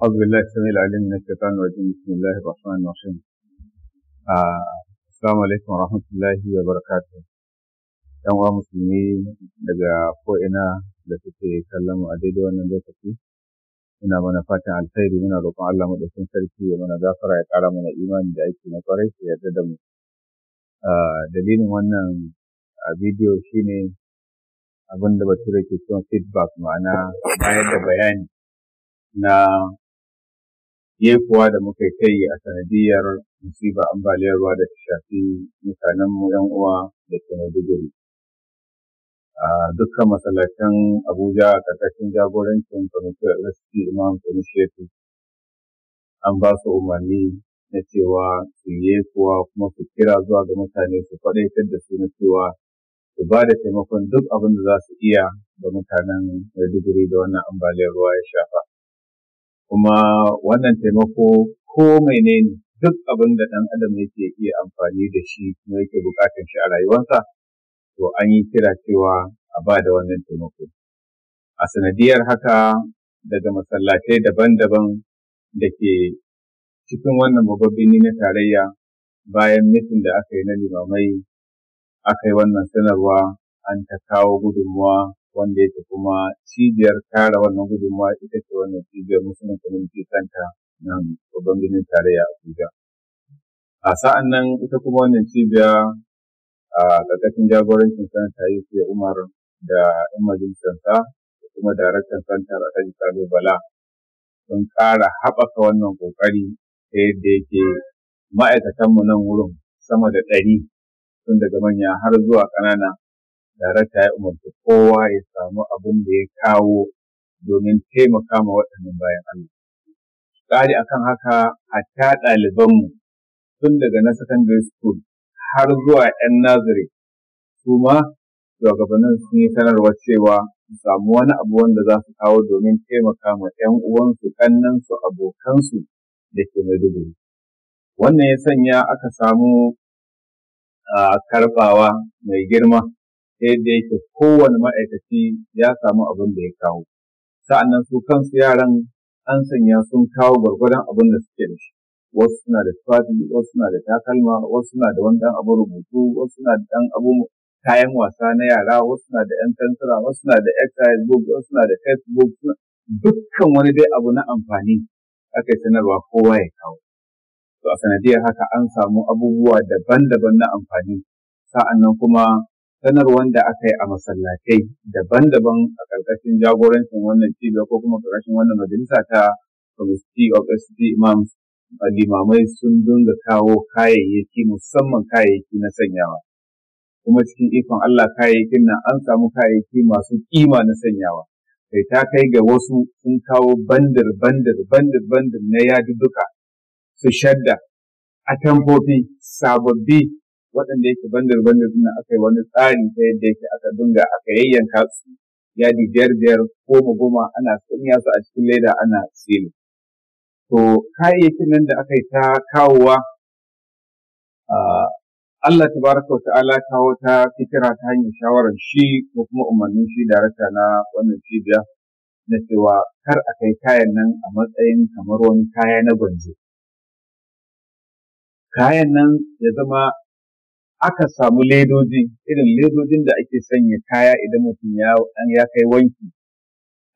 أعوذ بالله السميع العليم من الشيطان الرجيم بسم الله الرحمن الرحيم Assalamu alaikum warahmatullahi wabarakatuh. ‘Yan uwa musulmi daga ko'ina da suke kallon mu a daidai wannan lokaci, ina mana fatan alkhairi muna roƙon Allah maɗaukin sarki ya mana gafara ya ƙara mana imani da aiki na ƙwarai ya yarda da mu. Dalilin wannan bidiyo shine abin da bature ke son feedback ma'ana bayar da bayani na yekuwa da muka kai a sanadiyar musiba ambaliyar ruwa da ta shafi mutanen mu yan uwa da ke Maiduguri. Dukkan masallacin Abuja a ƙarƙashin jagorancin kwamitin RSP Imam kwamishetu an ba su umarni na cewa su yi kuwa kuma su kira zuwa ga mutane su faɗaitar da su na cewa su ba da taimakon duk abin da za su iya ga mutanen Maiduguri da wannan ambaliyar ruwa ya shafa. Kuma wannan taimako ko ne duk abin da ɗan adam yake iya amfani da shi kuma yake buƙatar shi a rayuwarsa, to an yi kira cewa a ba da wannan taimako. A sanadiyar haka daga masallatai daban-daban da ke cikin wannan babban birni na tarayya bayan mitin da aka yi na limamai aka yi wannan sanarwa an ta kawo gudunmuwa wanda yake kuma cibiyar tara wannan gudunmuwa ita ce wannan cibiyar musulun community kanta nan babban birnin tarayya abuja a sa'an nan ita kuma wannan cibiya a ƙarƙashin jagorancin sanata yusuf umar da yan sa da kuma daraktan santar a kan bala sun ƙara haɓaka wannan ƙoƙari ta yadda yake ma'aikatanmu nan wurin sama da ɗari tun daga manya har zuwa ƙanana darakta ya umarci kowa ya samu abin da ya kawo domin taimaka ma waɗannan bayan Allah. Ƙari akan haka hatta ɗalibanmu tun daga na secondary school har zuwa 'yan nazari su ma shugabannin sun yi sanarwa cewa su samu wani abu wanda za su kawo domin taimaka ma 'yan uwansu, ƙannansu, abokansu da ke Maiduguri. Wannan ya sanya aka samu karbawa mai girma yadda yake kowane ma'aikaci ya samu abin da ya kawo sa'annan su kansu yaran an sanya sun kawo gwargwadon abin da suke da shi wasu suna da tufafi wasu suna da takalma wasu suna da wani dan abin rubutu wasu suna da dan abu kayan wasa na yara wasu suna da yan tantara wasu suna da exercise book wasu suna da textbook dukkan wani dai abu na amfani aka sanarwa kowa ya kawo to a sanadiyar haka an samu abubuwa daban-daban na amfani sa'annan kuma sanarwar da aka yi a masallatai daban-daban a ƙarƙashin jagorancin wannan cibiyar ko kuma ƙarƙashin wannan majalisa ta Committee of SD Imams limamai sun dinga kawo kayayyaki musamman kayayyaki na sanyawa kuma cikin ikon Allah kayayyakin nan an samu kayayyaki masu kima na sanyawa kai ta kai ga wasu sun kawo bandar bandar bandar bandar na yadudduka su shadda a atamfofi sababbi waɗanda yake bandar bandar suna aka yi wani tsari ta yadda yake aka dinga aka yayyanka su yadi biyar biyar goma goma ana sanya su a cikin leda ana sili to kayayyakin nan da aka yi ta kawowa ah, Allah baraka wa ta'ala kawo ta fitira ta hanyar shawarar shi ko kuma umarnin shi darakta na wannan cibiya na cewa kar a kai kayan nan a matsayin kamar wani kaya na gwanzo kayan nan ya zama aka samu ledoji irin ledojin da ake sanya kaya idan mutum ya ya kai wanki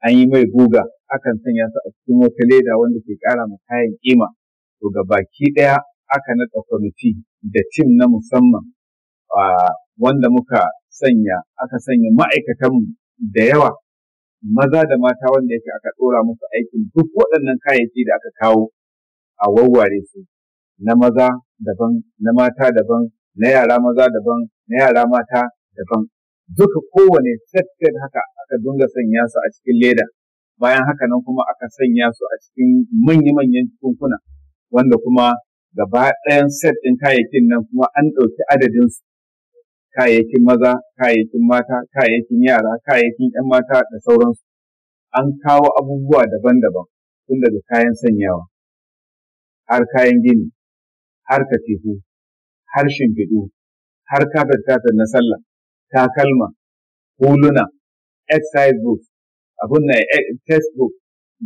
an yi mai guga akan sanya su a cikin wata leda wanda ke kara ma kayan kima to ga baki daya aka na kwamiti da tim na musamman wanda muka sanya aka sanya ma'aikatanmu da yawa maza da mata wanda yake aka ɗora musu aikin duk waɗannan kayayyaki da aka kawo a wawware su na maza daban na mata daban na yara maza daban na yara mata daban duka kowane set haka aka dunga sanya su a cikin leda bayan haka nan kuma aka sanya su a cikin manya-manyan kunkuna wanda kuma gaba ɗayan set ɗin kayayyakin nan kuma an ɗauki adadin su kayayyakin maza kayayyakin mata kayayyakin yara kayayyakin 'yan mata da sauransu an kawo abubuwa daban-daban tun daga kayan sanyawa har kayan gini harka teku, har shimfiɗu, har kafet-kafet na sallah, takalma, huluna, exercise books, abun na eh, textbook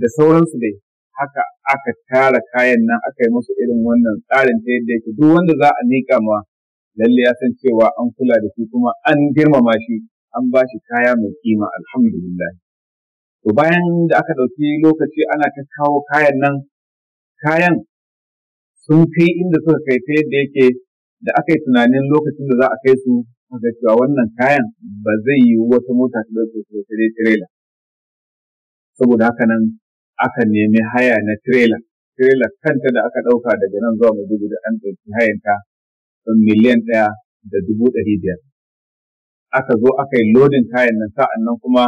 da sauransu dai. Haka aka tara kayan nan aka yi musu irin wannan tsarin ta yadda yake duk wanda za a nika ma lalle ya san cewa an kula da shi kuma an girmama shi an ba shi kaya mai kima alhamdulillah. To bayan da aka ɗauki lokaci ana ta kawo kayan nan kayan sun kai inda suka kai ta yadda yake da aka yi tunanin lokacin da za a kai su a ga cewa wannan kayan ba zai yi wata mota ta dauke su ta dai tirela saboda haka nan aka nemi haya na tirela tirela kanta da aka ɗauka daga nan zuwa maiduguri an ɗauki hayanta don miliyan ɗaya da dubu ɗari biyar aka zo aka yi lodin kayan nan sa'an nan kuma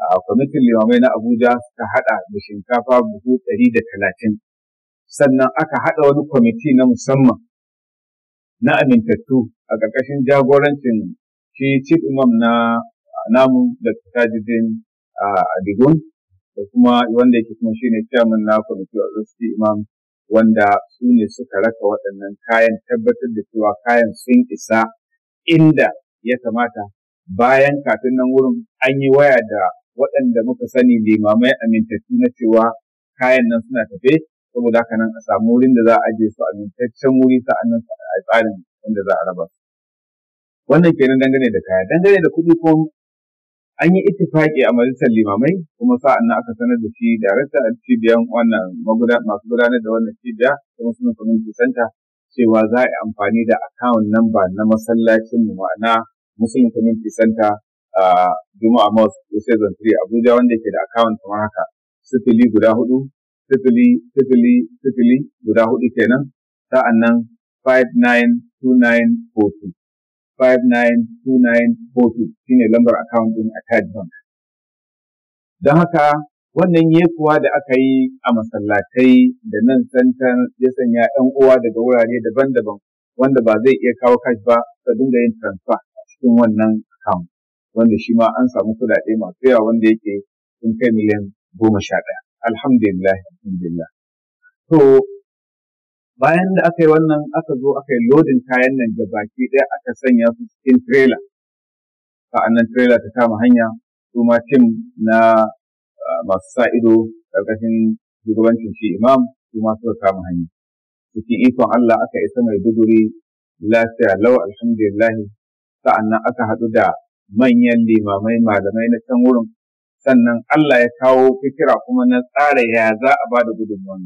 a kwamitin limamai na abuja suka haɗa da shinkafa buhu ɗari da talatin sannan aka haɗa wani kwamiti na musamman na amintattu a ƙarƙashin jagorancin shi chief imam na namu da tajidin adigun da kuma wanda yake kuma shi ne chairman na kwamiti a imam wanda su ne suka raka waɗannan kayan tabbatar da cewa kayan sun isa inda ya kamata bayan kafin nan wurin an yi waya da waɗanda muka sani limamai amintattu na cewa kayan nan suna tafe saboda haka nan a samu wurin da za a ajiye su a mintaccen wuri sa'annan a tsarin inda za a raba su wannan kenan dangane da kaya dangane da kuɗi ko an yi ittifaki a majalisar limamai kuma sa'annan aka sanar da shi darakta a cibiyan wannan masu gudanar da wannan cibiya kuma suna community center cewa za a yi amfani da akawun number na masallacin mu ma'ana muslim community center a juma'a mosque 3 abuja wanda ke da akawun kamar haka sifili guda hudu sifili sifili sifili guda hudu kenan sa'an nan 592942 592942 shine lambar account din a Taj Bank. Don haka wannan yekuwa da aka yi a masallatai da nan santan ya sanya ‘yan uwa daga wurare daban-daban wanda ba zai iya kawo cash ba sa dinga yin transfer a cikin wannan account wanda shi ma an samu kuɗaɗe masu yawa wanda yake sun kai miliyan goma sha ɗaya. alhamdulillah alhamdulillah to bayan da aka yi wannan aka zo aka yi lodin kayan nan da baki ɗaya aka sanya su cikin tirela, sa'annan tirela ta kama hanya su ma tim na ah, masu sa ido ƙarƙashin shugabancin shi imam su ma suka kama hanya cikin ikon Allah aka isa mai duguri lafiya lau alhamdulillah sa'annan aka haɗu da manyan limamai malamai na can wurin sannan Allah ya kawo fikira kuma na tsara ya za a ba da gudunmawa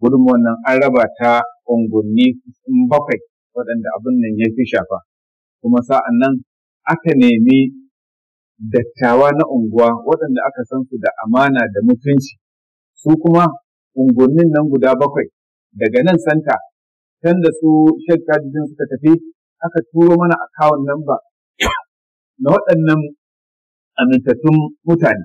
gudunmuwan nan an raba ta unguwanni sun bakwai waɗanda abin nan ya fi shafa kuma sa'an nan aka nemi dattawa na unguwa waɗanda aka san su da amana da mutunci su kuma unguwannin nan guda bakwai daga nan santa can da su shekka suka tafi aka turo mana akawun namba na waɗannan amintattun mutane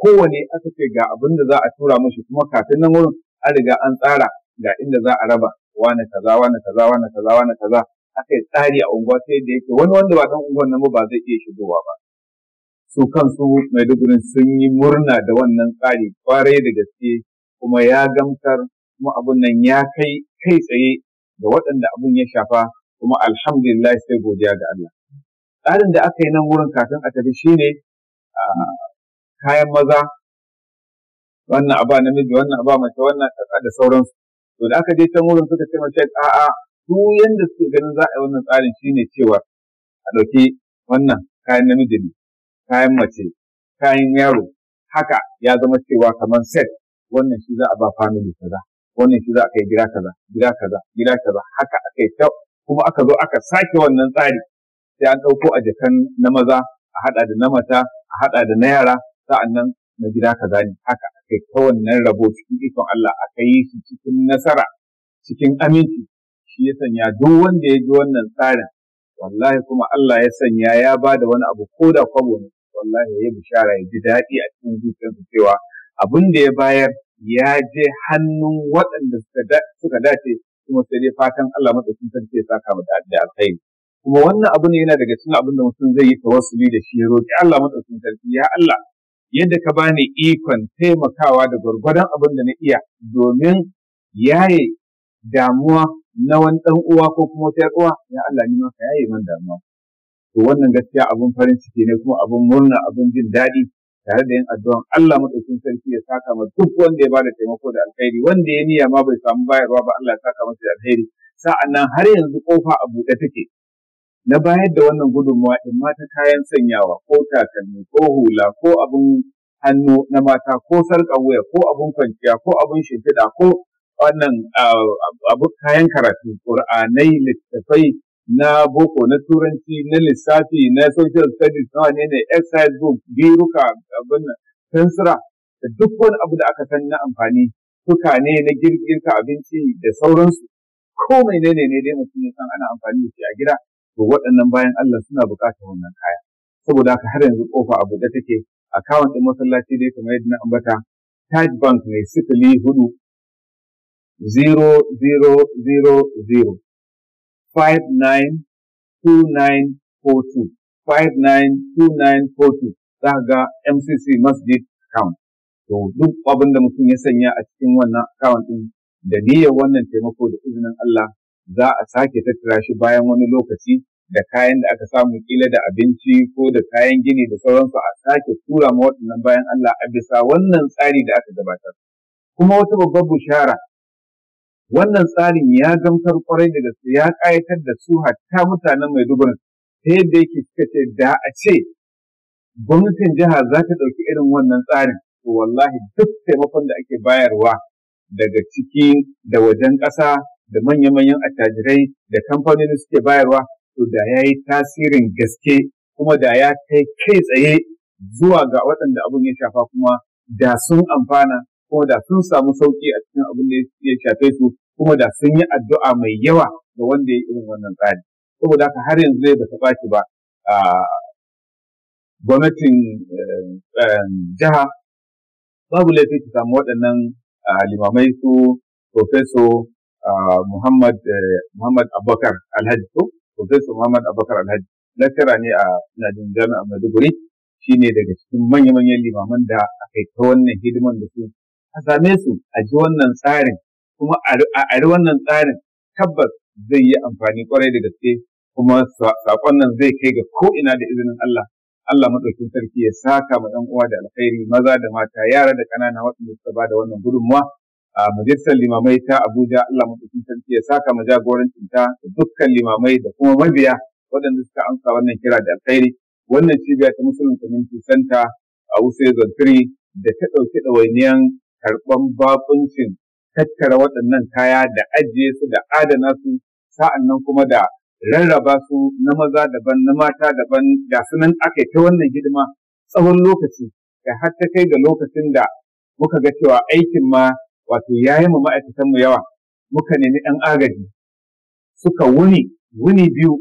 kowane aka ce ga abin da za a tura mashi kuma kafin nan wurin an riga an tsara ga inda za a raba wane kaza wane kaza wane kaza wane kaza aka yi tsari a unguwa ta da yake wani wanda ba dan unguwan nan ba zai iya shigowa ba su kansu mai Maiduguri sun yi murna da wannan tsari kwarai da gaske kuma ya gamsar kuma abun nan ya kai kai tsaye da waɗanda abun ya shafa kuma alhamdulillah sai godiya ga Allah. Tsarin da aka yi nan wurin kafin a tafi shine kayan maza wannan aba namiji wannan aba mace wannan kaka da sauransu to da aka je can wurin suka ce mace a'a su yanda suke ganin za a yi wannan tsarin shine cewa a ɗauki wannan kayan namiji ne kayan mace kayan yaro haka ya zama cewa kamar set wannan shi za a ba family kaza wannan shi za a kai gida kaza gida kaza gida kaza haka aka yi ta kuma aka zo aka sake wannan tsari sai an ɗauko a jakan na maza a haɗa da na mata a haɗa da na yara sa'an nan na gida ka gani haka aka ta wannan rabo cikin ikon Allah aka yi shi cikin nasara cikin aminci shi ya sanya duk wanda ya ji wannan tsarin wallahi kuma Allah ya sanya ya ba da wani abu ko da kwabo ne wallahi ya yi bishara ya ji daɗi a cikin zuciyarsa cewa abin da ya bayar ya je hannun waɗanda suka dace kuma sai dai fatan Allah madaukakin sarki ya saka mu da alkhairi kuma wannan abu ne yana daga cikin abin da mutum zai yi tawassuli da shi ya roƙi Allah madaukakin sarki ya Allah yadda ka bani ikon taimakawa da gwargwadon abin da na iya domin yaye damuwa na wani ɗan uwa ko kuma wata uwa ya Allah ni maka yaye man damuwa to wannan gaskiya abun farin ciki ne kuma abun murna abin jin daɗi tare da yin addu'an Allah madaukakin sarki ya saka ma duk wanda ya bada taimako da alkhairi wanda ya niyya ma bai samu bayarwa ba Allah ya saka masa da alkhairi sa'annan har yanzu kofa a buɗe take na bayar da wannan gudunmawa in mata kayan sanyawa ko takalmi ko hula ko abin hannu na mata ko sarƙar wuya ko abin kwanciya ko abin shimfiɗa ko wannan ah, abin kayan karatu ƙur'anai littattafai na boko na turanci na lissafi na social studies na wane ne exercise group biruka abin da duk wani abu da aka san na amfani suka ne na girgirka abinci da sauransu ko mai ne ne dai mutum ya san ana amfani da shi a gida to waɗannan bayan Allah suna buƙatar wannan kaya saboda haka har yanzu kofa a buɗe take akawun ɗin masallaci dai kamar yadda na ambata Taj Bank ne sifili hudu zero zero zero zero za ga MCC Masjid account to duk abin mutum ya sanya a cikin wannan account ɗin da niyyar wannan taimako da izinin Allah za a sake tattara shi bayan wani lokaci da kayan da aka samu kila da abinci ko da kayan gini da sauransu a sake tura ma waɗannan bayan Allah a bisa wannan tsari da aka gabatar. Kuma wata babbar bushara wannan tsarin ya gamsar kwarai da gaske ya ƙayatar da su hatta mutanen mai Maiduguri ta yadda yake suka ce da a ce gwamnatin jiha za ta ɗauki irin wannan tsarin to wallahi duk taimakon da ake bayarwa daga ciki da wajen ƙasa da manya-manyan attajirai da kamfanoni suke bayarwa to da ya yi tasirin gaske kuma da ya kai kai tsaye zuwa ga waɗanda abin ya shafa kuma da sun amfana kuma da sun samu sauƙi a cikin abin da ya shafe su kuma da sun yi addu'a mai yawa ga wanda ya irin wannan tsari saboda haka har yanzu zai bata ɓaci ba a gwamnatin eh, eh, jiha babu laifi ta samu waɗannan limamai su profeso Muhammad Muhammad Abubakar Alhaji ko Professor Muhammad Abubakar Alhaji lecturer ne a Najin Jami'a Maiduguri ne daga cikin manya-manyan limaman da aka yi ta wannan hidiman da su a same su a ji wannan tsarin kuma a ari wannan tsarin tabbas zai yi amfani kwarai da gaske kuma saƙon nan zai kai ga ko'ina da izinin Allah Allah maɗaukin sarki ya saka ma ɗan uwa da alkhairi maza da mata yara da ƙanana waɗanda suka ba wannan gudunmawa. a majalisar limamai ta Abuja Allah madaukakin sarki ya saka ma jagorancin ta da dukkan limamai da kuma mabiya waɗanda suka amsa wannan kira da alkhairi wannan cibiya ta Muslim Community Center a Wuse Zantiri da ta ɗauki ɗawainiyan karɓan bakuncin tattara waɗannan kaya da ajiye su da adana su sa'an nan kuma da rarraba su na maza daban na mata daban ga su nan aka ta wannan hidima tsawon lokaci da har ta kai ga lokacin da muka ga cewa aikin ma wato yayi mu ma'aikatan mu yawa muka nemi ɗan agaji suka wuni wuni biyu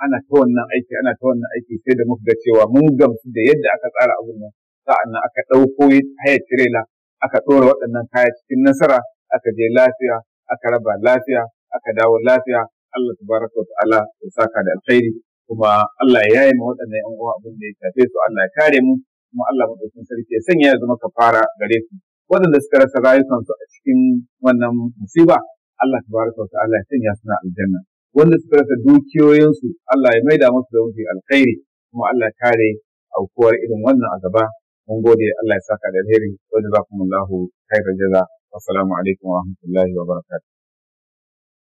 ana ta wannan aiki ana ta wannan aiki sai da muka ga cewa mun gamsu da yadda aka tsara abun nan sa'an nan aka ɗauko haya tirela aka ɗora waɗannan kaya cikin nasara aka je lafiya aka raba lafiya aka dawo lafiya Allah tabaraka wa ta'ala ya saka da alkhairi kuma Allah ya yaye ma waɗannan ƴan uwa abin da ya shafe su Allah ya kare mu kuma Allah madaukakin sarki ya sanya ya zama kafara gare su waɗanda suka rasa rayukansu a cikin wannan musiba Allah tabaraka wa ta'ala ya sanya suna aljanna wanda suka rasa dukiyoyinsu Allah ya maida musu da mafi alkhairi kuma Allah ya kare aukuwar irin wannan a gaba mun gode Allah ya saka da alheri wa jazakumullahu khairan jaza assalamu alaikum wa rahmatullahi wa barakatuh